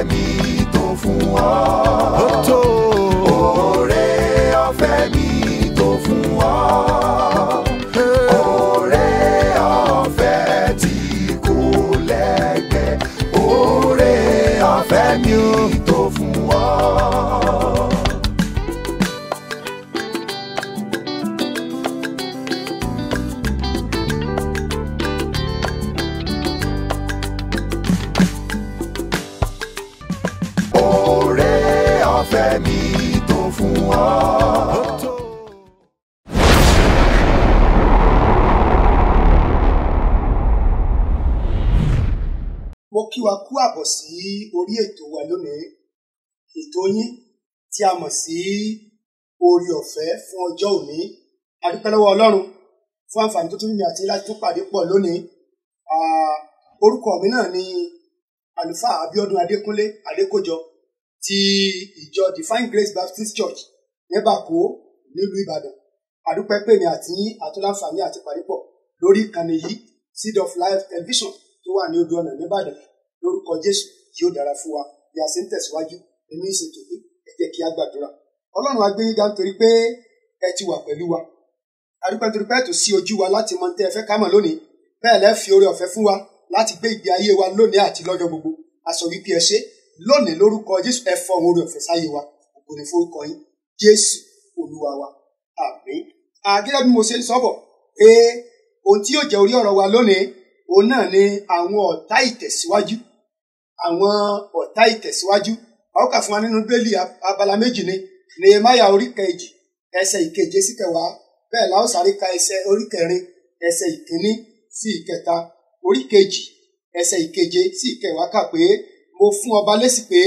ẹ̀mí tó fún ọ. ẹ̀mí tó fún ọ. mo kí wa kú àbọ̀ sí orí ètò wa lónìí ètò yín tí a mọ̀ sí oore ọ̀fẹ́ fún ọjọ́ òní a dúpẹ́ lọ́wọ́ Ọlọ́run fún àǹfààní tó tún ní àti láti tún pàdé pọ̀ lónìí orúkọ mi náà ni àlùfáà Abíọ́dún Adékúnlé Adékòjọ ti ìjọ Divine Grace Baptist Church ní Bàkó nílùú Ìbàdàn àdúpẹ́ pé mi àti yín àtúnláǹfààní àti pàdépọ̀ lórí ìkànnì yìí Seed of Life Television tó wà ní odò ọ̀nà nìbàdàn lórúkọ Jésù yóò dára fún wa bí a ṣe ń tẹ̀síwájú nínú ìṣètò yìí ẹ jẹ́ kí a gbàdúrà Ọlọ́run wa gbé yín ga nítorí pé ẹ ti wà pẹ̀lú wa àdúpẹ́ nítorí pé ẹ tò sí ojú wa láti mọ tẹ́ ẹ fẹ́ ká mọ̀ lónìí bẹ́ẹ̀ lẹ́ fi oore ọ̀fẹ́ fún wa láti gbé ìgbé ayé wa lónìí àti lọ́jọ́ gbogbo a wípé ẹ ṣé lónìí lórúkọ jésù ẹ fọ ohun orí ọ̀fẹ́ sáyé wa ògo ni forúkọ yín jésù olúwa wa àmín àgẹ́gẹ́ bí mo ṣe ń sọ́bọ̀ pé ohun tí yóò jẹ́ orí ọ̀rọ̀ wa lónìí òun náà ni àwọn ọ̀tá ìtẹ̀síwájú àwọn ọ̀tá ìtẹ̀síwájú a fún wa nínú bẹ́ẹ̀lì abala méjì ni nehemiah orí kejì ẹsẹ̀ ìkeje sí kẹwàá bẹ́ẹ̀ la sáré ka ẹsẹ̀ orí kẹrin ẹsẹ̀ ìkíní sí ìkẹta orí kejì ẹsẹ̀ ìkeje sí ìkẹwàá kà pé mo fún ọba lésì pé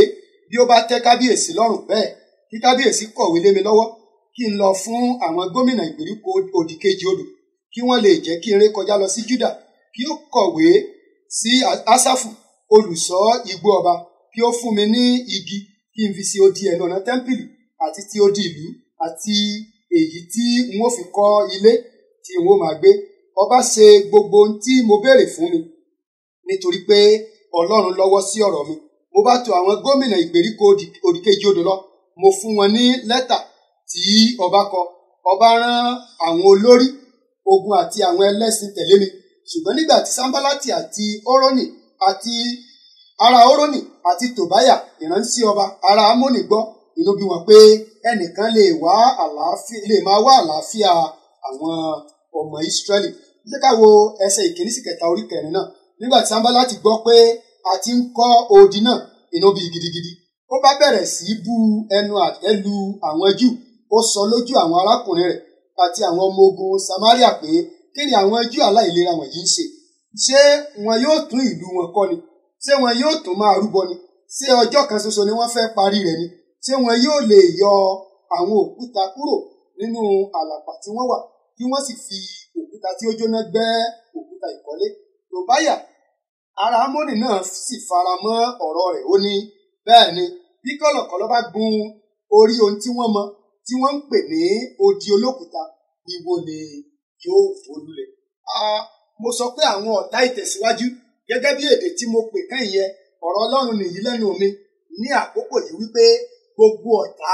bí ó bá tẹ́ kábíyèsí lọ́rùn bẹ́ẹ̀ kí kábíyèsí kọ̀wé lé mi lọ́wọ́ kí n lọ fún àwọn gómìnà ìgbèríko òdì kejì odò kí wọ́n lè jẹ́ kí eré kọjá lọ sí Júdà kí ó kọ̀wé sí Ásáfù olùṣọ́ igbó ọba kí ó fún mi ní igi kí n fi ṣe odi ẹnu ọ̀nà tẹ́ḿpìlì àti ti odi ìlú àti èyí tí n ó fi kọ́ ilé tí n ó máa gbé ọba ṣe gbogbo ohun tí mo béèrè fún mi nítorí pé ọlọ́run lọ́wọ́ sí ọ̀rọ̀ mi mo bá tọ̀ àwọn gómìnà ìgbèríko òdìkejì odò lọ mo fún wọn ní lẹ́tà tí ọba kọ ọba rán àwọn olórí ogun àti àwọn ẹlẹ́sìn tẹ̀lé mi ṣùgbọ́n nígbà tí sambalati àti oroni àti ara oroni àti tobaya ìránṣẹ́ ọba ara amóni gbọ́ inú bí wọn pé ẹnìkan lè wá àlàáfíà lè máa wá àlàáfíà àwọn ọmọ Ísírẹ́lì jẹ́ ká wo ìkíní sí kẹta orí kẹrin náà nígbà tí sanbala ti gbọ́ pé a ti ń kọ́ odi náà inú bí gidigidi ó bá bẹ̀rẹ̀ sí í bu ẹnu àtẹ́ lu àwọn jù ó sọ lójú àwọn arákùnrin rẹ̀ àti àwọn ọmọ ogun samaria pé kí ni àwọn jù aláìlera wọ̀nyí ń ṣe ṣé wọn yóò tún ìlú wọn kọ́ ni ṣé wọn yóò tún máa rúbọ ni ṣé ọjọ́ kan ṣoṣo ni wọ́n fẹ́ parí rẹ̀ ni ṣé wọn yóò lè yọ àwọn òkúta kúrò nínú àlàpà tí wọ́n wà kí wọ́n sì fi òkúta tí ó jóná gbẹ́ òkúta ìkọ́lé tó bá yá ara mọ́nì náà sì fara mọ́ ọ̀rọ̀ rẹ̀ ó ní bẹ́ẹ̀ ni bí kọ̀lọ̀kọ̀lọ̀ bá gun orí ohun tí wọ́n mọ tí wọ́n ń pè ní odi olókùúta ìwo ni yóò folúlẹ̀. mo sọ pé àwọn ọ̀tá ìtẹ̀síwájú gẹ́gẹ́ bí èdè tí mo pè kẹ́yìn yẹn ọ̀rọ̀ ọlọ́run nìyí lẹ́nu mi ní àkókò yìí wípé gbogbo ọ̀tá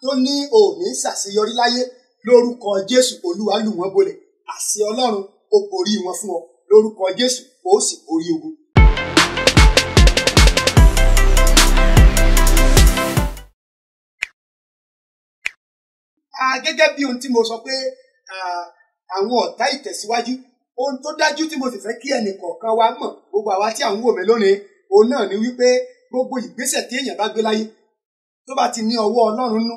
tó ní òní ṣàṣeyọrí láyé lórúkọ jésù olúwa lù wọ́n bolẹ̀ àṣẹ ọlọ́run ó borí wọn fún ọ lórúkọ Jésù ó sì borí ogun. gẹ́gẹ́ bí ohun tí mo sọ pé àwọn ọ̀tá ìtẹ̀síwájú ohun tó dájú tí mo sì fẹ́ kí ẹnì kọ̀ọ̀kan wa mọ̀ gbogbo àwa tí à ń wò mí lónìí òun náà ni wípé gbogbo ìgbésẹ̀ tí èèyàn bá gbé láyé tó bá ti ní ọwọ́ Ọlọ́run nú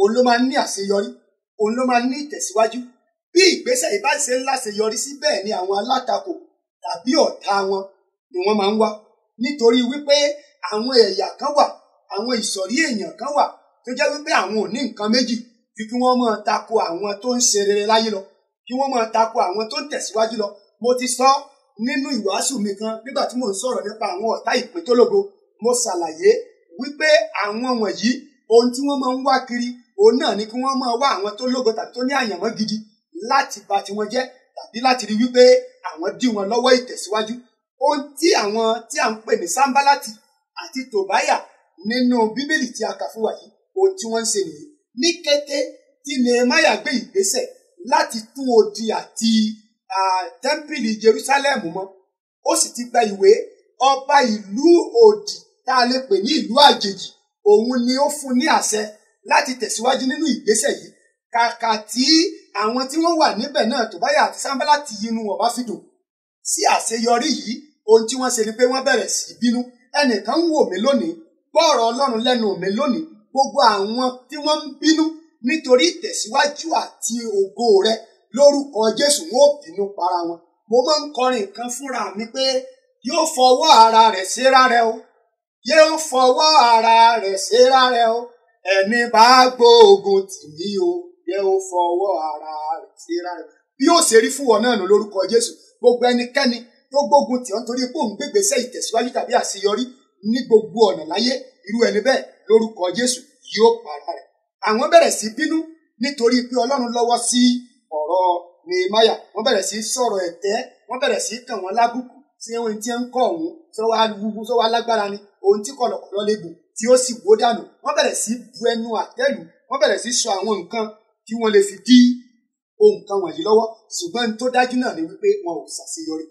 òun ló máa ń ní àṣeyọrí òun ló máa ń ní ìtẹ̀síwájú bí ìgbésẹ̀ ìbáṣe ńlá ṣe yọrí sí bẹ́ẹ̀ ni àwọn alátakò tàbí ọ̀tá wọn ni wọ́n máa ń wá nítorí wípé àwọn ẹ̀yà kan wà àwọn ìsọ̀rí èèyàn kan wà tó jẹ́ wípé àwọn ò ní nǹkan méjì ju kí wọ́n máa tako àwọn tó ń ṣe rere láyé lọ kí wọ́n máa tako àwọn tó ń tẹ̀síwájú lọ mo ti sọ nínú ìwàásù mi kan nígbà tí mò ń sọ̀rọ̀ nípa àwọn ọ̀tá ìpín tó lógo mo ṣàlàyé wípé àwọn wọ̀nyí ohun tí wọ́n máa ń wá kiri òun náà ni kí wọ́n máa wá àwọn tó lógo tàbí tó ní àyànmọ́ gidi láti ba tiwọn jẹ́ tàbí láti rí wípé àwọn dí wọn lọ́wọ́ ìtẹ̀síwájú ohun tí àwọn tí à ń pè ní sámbálátì àti tòbáyà nínú bíbélì tí a kà fún wa yìí ohun tí wọ́n ń ṣe nìyí ní kété tí nehemiah gbé ìgbésẹ̀ láti tún odi àti tẹ́ḿpìlì jerusalem mọ́ ó sì ti gba ìwé ọba ìlú òdì tá a lè pè ní ìlú àjèjì òun ni ó fún ní àṣẹ láti tẹ̀síwájú nínú ìgbésẹ̀ yìí kàkà tí àwọn tí wọ́n wà níbẹ̀ náà Tòbáyà àti Sáńbálà ti yinú wọn bá fi dùn sí àṣeyọrí yìí ohun tí wọ́n ṣe ni pé wọ́n bẹ̀rẹ̀ sí bínú ẹnìkan ń wò mí lónìí gbọ́ọ̀rọ̀ Ọlọ́run lẹ́nu mi lónìí gbogbo àwọn tí wọ́n ń bínú nítorí ìtẹ̀síwájú àti ògo rẹ lórúkọ Jésù wọn ò bínú para wọn mo máa ń kọrin kan fúnra mi pé yóò fọwọ́ ara rẹ̀ séra rẹ o yóò fọwọ́ ara rẹ̀ séra rẹ o ẹni bá gbóògùn tì mí o jẹ́ ó fọwọ́ ara rẹ̀ sí rárá bí ó ṣe rí fún wọn náà nù lórúkọ Jésù gbogbo ẹnikẹ́ni tó gbógun tì ọ́ nítorí pé òun gbégbèsè ìtẹ̀síwájú tàbí àṣeyọrí ní gbogbo ọ̀nà láyé irú ẹni bẹ́ẹ̀ lórúkọ Jésù yóò para rẹ̀ àwọn bẹ̀rẹ̀ sí bínú nítorí pé Ọlọ́run lọ́wọ́ sí ọ̀rọ̀ Nehemaya wọ́n bẹ̀rẹ̀ sí sọ̀rọ̀ ẹ̀tẹ́ wọ́n bẹ̀rẹ̀ sí kàn wọ́n lábùkù tí wọ́n ti ń kọ́ ọ̀hún tó wá wúwo tó wá lágbára ni ohun tí kọ̀lọ̀kọ̀lọ̀ lè gùn tí ó sì wó dànù wọ́n bẹ̀rẹ̀ sí bu ẹnu àtẹ́lù wọ́n bẹ̀rẹ̀ sí sọ àwọn nǹkan tí wọ́n lè fi dí ohun kan wọ̀nyí lọ́wọ́ ṣùgbọ́n tó dájú náà ni wípé wọn ò ṣàṣeyọrí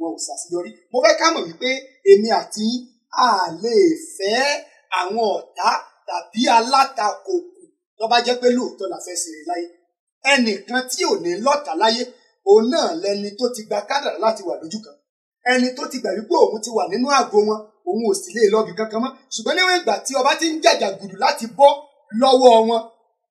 wọn ò ṣàṣeyọrí mo fẹ́ ká mọ̀ wípé èmi àti a lè fẹ́ àwọn ọ̀tá tàbí alátakò kù tó bá jẹ́ pé lóòótọ́ la fẹ́ ṣeré láyé ẹnìkan tí ò ní lọ́tà láyé òun náà lẹni tó ti gba kádàrá láti wà lójú kan ẹni tó ti gbà wípé òun ti wà nínú àgọ́ wọn òun ò sì lè lọ́ọ̀bì kankan mọ́ ṣùgbọ́n níwọ̀n ìgbà tí ọba ti ń jàjà gùdù láti bọ́ lọ́wọ́ wọn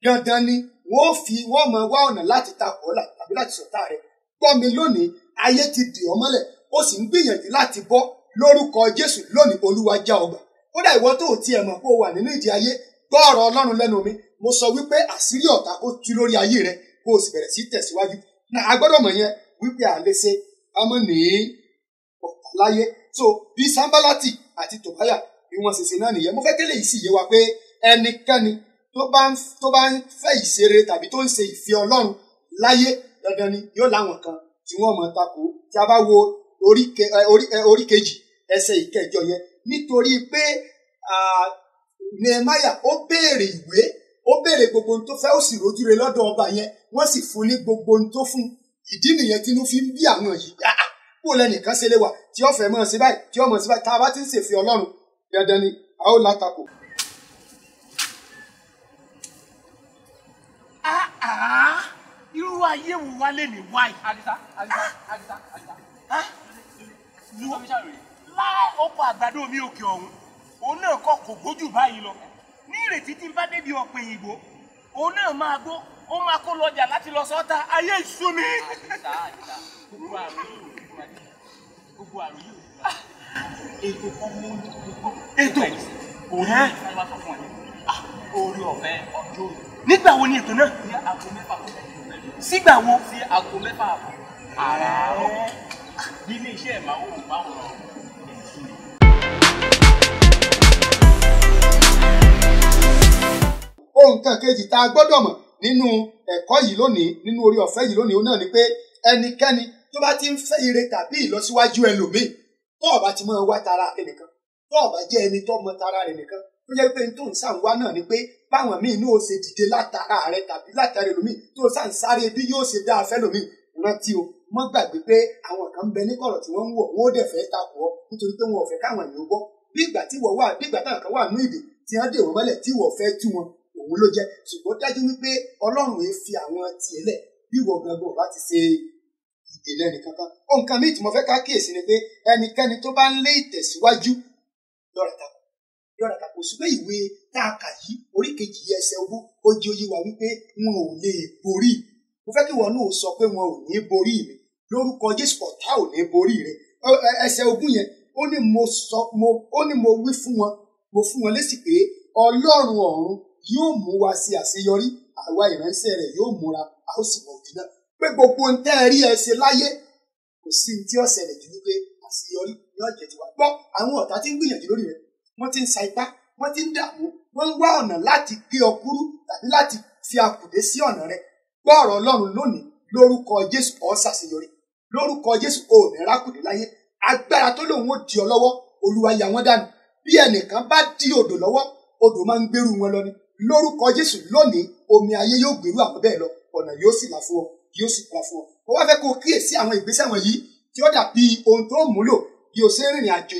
dandan ni wọ́n fi wọ́n mọ wá ọ̀nà láti takò ọ́ tàbí láti sọ̀tá rẹ̀ gbọ́ mi lónìí ayé ti dì ọ́ mọ́lẹ̀ ó sì ń gbìyànjú láti bọ́ lórúkọ Jésù lónìí Olúwa já ọgbà kódà ìwọ tó tiẹ̀ mọ̀ kó wà nínú ìdí ayé gbọ́ ọ̀rọ̀ Ọlọ́run lẹ́nu mi mo sọ wípé àṣírí ọ̀tá kó tú lórí ayé rẹ kó o sì bẹ̀rẹ̀ sí tẹ̀síwájú náà a gbọ́dọ̀ mọ̀ yẹn wípé à lè ṣe ọmọ nìyí ọ̀tá láyé so bí Sanbalati àti Tòbáyà bí wọ́n ṣe ṣe náà nìyẹn mo fẹ́ kélé yìí sì yé wa pé ẹnikẹ́ni tó bá ń tó bá ń fẹ́ ìṣeré tàbí tó ń ṣe ìfẹ́ ọlọ́run láyé dandan ni yóò láwọn kan tí wọ́n mọ̀ tako tí a bá wo eh, eh, orí kejì ẹsẹ̀ ìkẹjọ yẹn nítorí pé Nehemiah ó béèrè ìwé ó béèrè gbogbo ohun tó fẹ́ ó sì rojú re lọ́dọ̀ ọba yẹn wọ́n sì fún ní gbogbo ohun tó fún ìdí nìyẹn tínú fi ń bí àwọn yìí dáa ah, kó lẹ́nìkan ṣe lè wà tí ó fẹ́ mọ̀ sí báyìí tí ó mọ̀ sí báyìí tá a bá ti ń ṣèfẹ́ ọlọ́run dandan ni a ó látakò. Ah, ah. irú ayé wo wá lè ní wáì. àdìsá àdìsá àdìsá àdìsá. lu lára ọkọ̀ àgbàdo mi òkè ọ̀hún òun náà kọ́ kò gbójú báyìí lọ ní ìrètí tí n bá débi ọ̀pẹ̀ òyìnbó òun náà máa gbó ó máa kó lọ́jà láti lọ sọ́ta ayé ìṣú mi. àdìsá àdìsá gbogbo àrùn yìí ò ní gbogbo àrùn yìí ò ní ètò ọmọ ètò òun ní ọmọ fọfún ẹ orí ọ̀fẹ́ ọjọ́ òní nígbà wo ni ètò náà. ní aago mẹ́fà kò tẹ̀lé mẹ́jọ. sígbà wo. sí aago mẹ́fà àbọ̀ àràárọ̀ bí ilé iṣẹ́ ìmáwó ò bá wọn rọrùn. ohun kan kejì tá a gbọ́dọ̀ mọ̀ nínú ẹ̀kọ́ yìí lónìí nínú orí ọ̀fẹ́ yìí lónìí náà ni pé ẹnikẹ́ni tó bá ti ń fẹ́ ire tàbí ìlọsíwájú ẹlòmíì tó o ti mọ̀ wá tara rẹ̀ tó o jẹ́ ẹni tó mọ̀ tara rẹ̀ ó jẹ́ pé tó ń ṣàǹwá náà ni pé báwọn míì ní o ṣe dìde látara rẹ tàbí látara ẹlòmíì tó ṣà ń sáré bí yóò ṣe dáa fẹ́ lòmíì rántí o mọ́ gbàgbé pé àwọn kan ń bẹ ní kọ̀rọ̀ tí wọ́n ń wọ̀ wọ́n ó dẹ̀ fẹ́ takò ọ́ nítorí pé wọn ò fẹ́ káwọn èèyàn gbọ́ bí ìgbà tí wọ́n wà bí ìgbà táwọn kan wà nú ìdè tí wọ́n dè wọ́n mọ́lẹ̀ tí wọ́n fẹ́ tú wọn òun ló jẹ́ ṣùgbọ́n dájú wípé ọlọ́run èé fi àwọn tiẹ̀ lẹ̀ bí wọ́n gangan láti ṣe ìdènà nìkan kan. ohun kan míì tí mo fẹ́ ká kíyèsí ni pé ẹnikẹ́ni tó bá ń lé ìtẹ̀síwájú lọ́rẹ̀ takò lọ́ra kà kò ṣùgbọ́n ìwé tá a kà yìí orí kejì ẹsẹ̀ ogún ó jẹ́ oyé wa wípé wọn ò lè borí mo fẹ́ kí wọn náà sọ pé wọn ò ní borí mi lórúkọ Jésù ọ̀tá ò ní borí rẹ ẹsẹ̀ ogún yẹn ó ní mo sọ mo ó ní mo wí fún wọn mo fún wọn lésì pé Ọlọ́run ọ̀run yóò mú wa sí àṣeyọrí àwa ìránṣẹ́ rẹ̀ yóò múra a ó sì mọ òbí náà pé gbogbo ń tẹ́ ẹ rí ẹ ṣe láyé kò sí ní tí ó ṣẹlẹ̀ jù wípé àṣeyọrí yóò jẹ́ tiwa gbọ́ àwọn ọ̀tá tí ń gbìyànjú lórí rẹ̀ wọ́n ti ń sa ipá wọ́n ti ń dààmú wọ́n ń wá ọ̀nà láti gé ọ kúrú tàbí láti fi akùdé sí ọ̀nà rẹ gbọ́ ọ̀rọ̀ ọlọ́run lónìí lórúkọ jésù ọ̀ ṣàṣeyọrí lórúkọ jésù ò ní rákùdé láyé agbára tó lòun ó di ọ lọ́wọ́ olúwa yà wọ́n dànù bí ẹnìkan bá di odò lọ́wọ́ odò máa ń gbèrú wọn lọ ni lórúkọ jésù lónìí omi ayé yóò gbèrú àwọn bẹ́ẹ̀ lọ ọ̀nà yóò sì là fún ọ yóò sì là fún ọ mo wá fẹ́ kó o kíyèsí àwọn ìgbésẹ̀ wọ̀nyí tí ó dàbí ohun tó múlò bí o ṣe ń rìnrìn àjò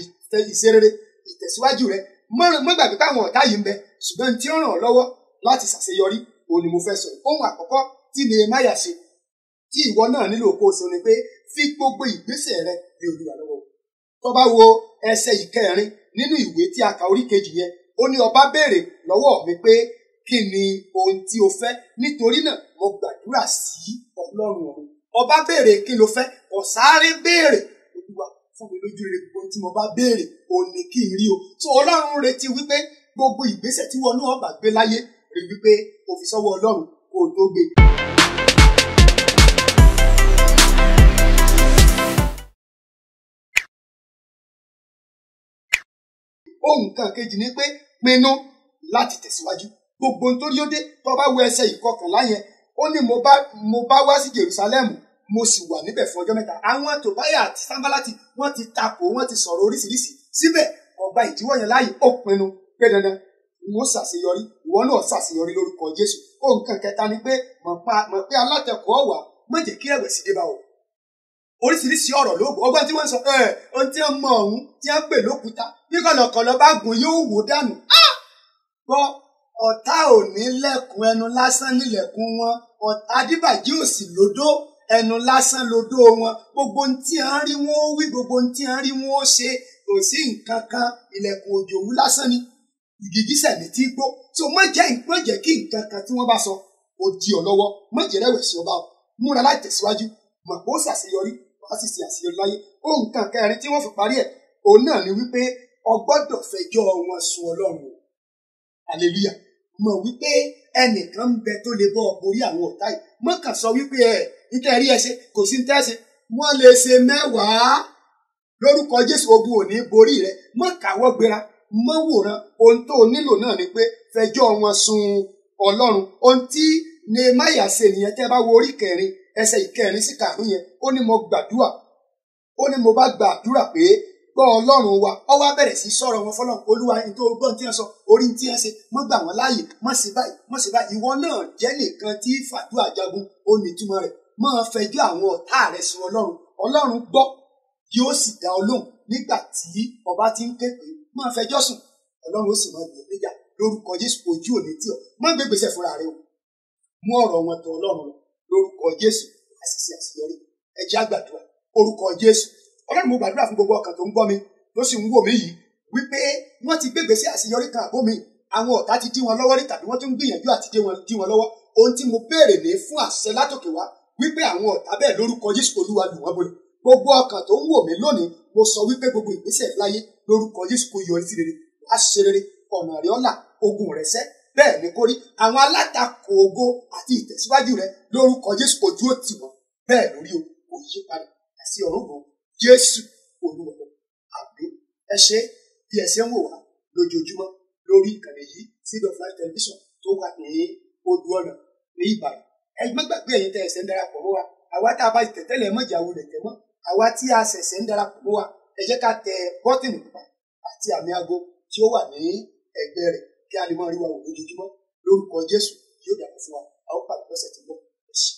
ìṣerere ìtẹ̀síwájú rẹ mọ́ táwọn ọ̀tá yìí ń bẹ ṣùgbọ́n tí ó ràn ọ́ lọ́wọ́ láti ṣàṣeyọrí òun mo fẹ́ sọ ohun àkọ́kọ́ tí Nehemiah ṣe tí ìwọ náà nílò kó o sọ ni pé fi gbogbo ìgbésẹ̀ rẹ lé Olúwa lọ́wọ́ tó bá wo ẹsẹ̀ ìkẹrin nínú ìwé tí a kà orí kejì yẹn ó ní ọba béèrè lọ́wọ́ mi pé kí ni ohun tí o fẹ́ nítorí náà mo gbàdúrà sí Ọlọ́run ọba béèrè kí lo fẹ́ ọ̀sáré béèrè fún mi lójú rere gbogbo tí mo bá béèrè òun ni kí n rí o so ọlọ́run retí wípé gbogbo ìgbésẹ̀ tí wọn náà bá gbé láyé rí wípé o fi sọ́wọ́ ọlọ́run kó tó gbé. ohun kan kejì ni pé pinnu láti tẹ̀síwájú gbogbo nítorí ó dé tó bá wo ẹsẹ̀ ìkọkànlá yẹn ó ní mo bá wá sí Jerúsálẹ́mù mo sì wà níbẹ̀ fún ọjọ́ mẹ́ta àwọn tòbáyà àti sábàlátì wọ́n ti takò wọ́n ti sọ̀rọ̀ oríṣiríṣi síbẹ̀ ọgbà ìdíwọ́ yẹn láàyè ó pinnu pé dandan n ó ṣàṣeyọrí ìwọ náà ṣàṣeyọrí lórúkọ jésù ó nǹkan kẹta ni pé mọ̀ pé alátẹ̀kọ́ wà má jẹ́ kí ẹ̀wẹ̀sì dé bá o oríṣiríṣi ọ̀rọ̀ ló gbọ́ ọgbọ́n tí wọ́n sọ ẹ̀ ohun tí wọ́n mọ ọ̀hún tí wọ́n pè lókúta bí kọ̀lọ̀kọ̀lọ̀ bá gùn yóò wò dànù gbọ́ ọ̀tá ò ní lẹ̀kùn ẹnu lásán nílẹ̀kùn wọn ọ̀tá díbàjẹ́ òsì lódó ẹnu lásán lodó wọn gbogbo ohun tí wọ́n rí wọn ó wí gbogbo ohun tí wọ́n rí wọn ó ṣe kò sí nǹkan kan ilẹ̀kùn òjòwú lásán ni ìgìgísẹ̀ ní ti gbó so má jẹ́ má jẹ́ kí nǹkan kan tí wọ́n bá sọ ó di ọ lọ́wọ́ má jẹ́ rẹ̀wẹ̀sì ọba o múra láti tẹ̀síwájú mọ̀ pé ó ṣàṣeyọrí wàá sì ṣe àṣeyọrí láyé ó nǹkan kẹrin tí wọ́n fi parí ẹ̀ òun náà ni wípé o gbọ́dọ̀ fẹjọ́ wọn sùn ọlọ́run o hallelujah mọ̀ wípé ẹnìkan ń bẹ tó lè bọ́ borí àwọn ọ̀tá yìí mọ̀kàn sọ wípé ẹ̀ nítorí ẹ ṣe kò sí tẹ́sí wọ́n lè ṣe mẹ́wàá lórúkọ Jésù ogun òní borí rẹ mọ́ káwọ́ gbéra mọ́ wòran ohun tó nílò náà ni pé fẹjọ́ wọn sun Ọlọ́run ohun tí Nehemiah ṣe nìyẹn tẹ́ bá wo orí kẹrin ẹsẹ̀ ìkẹrin sí kàánú yẹn ó ní mo gbàdúrà ó ní mo bá gbàdúrà pé gbọ́ ọlọ́run wa ọ wá bẹ̀rẹ̀ sí sọ̀rọ̀ wọn fọlọ́run olúwa ní tó gbọ́n tí wọ́n sọ orí tí wọ́n ṣe mọ́ gbà wọ́n láàyè mọ́ sí báyìí mọ́ sí báyìí ìwọ náà jẹ́ nìkan tí fàdúrà jagun ó ní túmọ̀ rẹ̀ máa fẹjọ́ àwọn ọ̀tá rẹ sun ọlọ́run ọlọ́run gbọ́ yóò sì dá ọ nígbà tí ọba ti ń képe máa fẹjọ́ sùn ọlọ́run ó sì máa gbìyànjú níjà e lórúkọ jésù ojú òní tí ọ má gbé gbèsè fúnra rẹ o mú ọ̀rọ̀ wọn tọ̀ ọlọ́run lórúkọ jésù àṣìṣe àṣeyọrí ẹ jẹ́ orúkọ jésù ọlọ́run mo gbàdúrà fún gbogbo ọkàn tó ń gbọ́ mi tó sì ń wò mí yìí wípé wọ́n ti gbé gbèsè àṣeyọrí kan àbó mi àwọn ọ̀tá ti dí wọn lọ́wọ́ rí tàbí wọ́n tún gbìyànjú àti dí wọn lọ́wọ́ ohun tí mo béèrè ní fún àṣẹ látòkè wá wípé àwọn ọ̀tá bẹ́ẹ̀ lórúkọ Jésù Olúwa lù wọ́n bọ̀lẹ̀ gbogbo ọkàn tó ń wò mí lónìí mo sọ wípé gbogbo ìgbésẹ̀ láyé lórúkọ Jésù kò yọrí sí rere wá ṣe rere ọ̀nà rẹ̀ ọ̀là ogun rẹ̀ sẹ́ bẹ́ẹ̀ ni kórí àwọn alátakò ògo àti ìtẹ̀síwájú rẹ̀ lórúkọ Jésù kò dúró tì wọ́n bẹ́ẹ̀ lórí o kò yí padà àti ọ̀run kan Jésù Olúwa àbí ẹ ṣe bí ẹ ṣe ń wò wá lójoojúmọ́ lórí ẹ má gbàgbé ẹ̀yin tẹ́ ẹ̀sẹ̀ ń darapọ̀ mọ́ wa àwa tá a bá ti tẹ̀tẹ́lẹ̀ mọ́jà wo lẹ̀ tẹ́ mọ́ àwa tí a ṣẹ̀ṣẹ̀ ń darapọ̀ mọ́ wa ẹ jẹ́ ká tẹ bọ́tìnì pupa àti àmì ago tí ó wà ní ẹ̀gbẹ́ rẹ̀ kí a lè máa rí wa wò lójoojúmọ́ lórúkọ Jésù yóò dàbí fún wa a ó pàdé lọ́sẹ̀ tó ń bọ̀ ẹ ṣé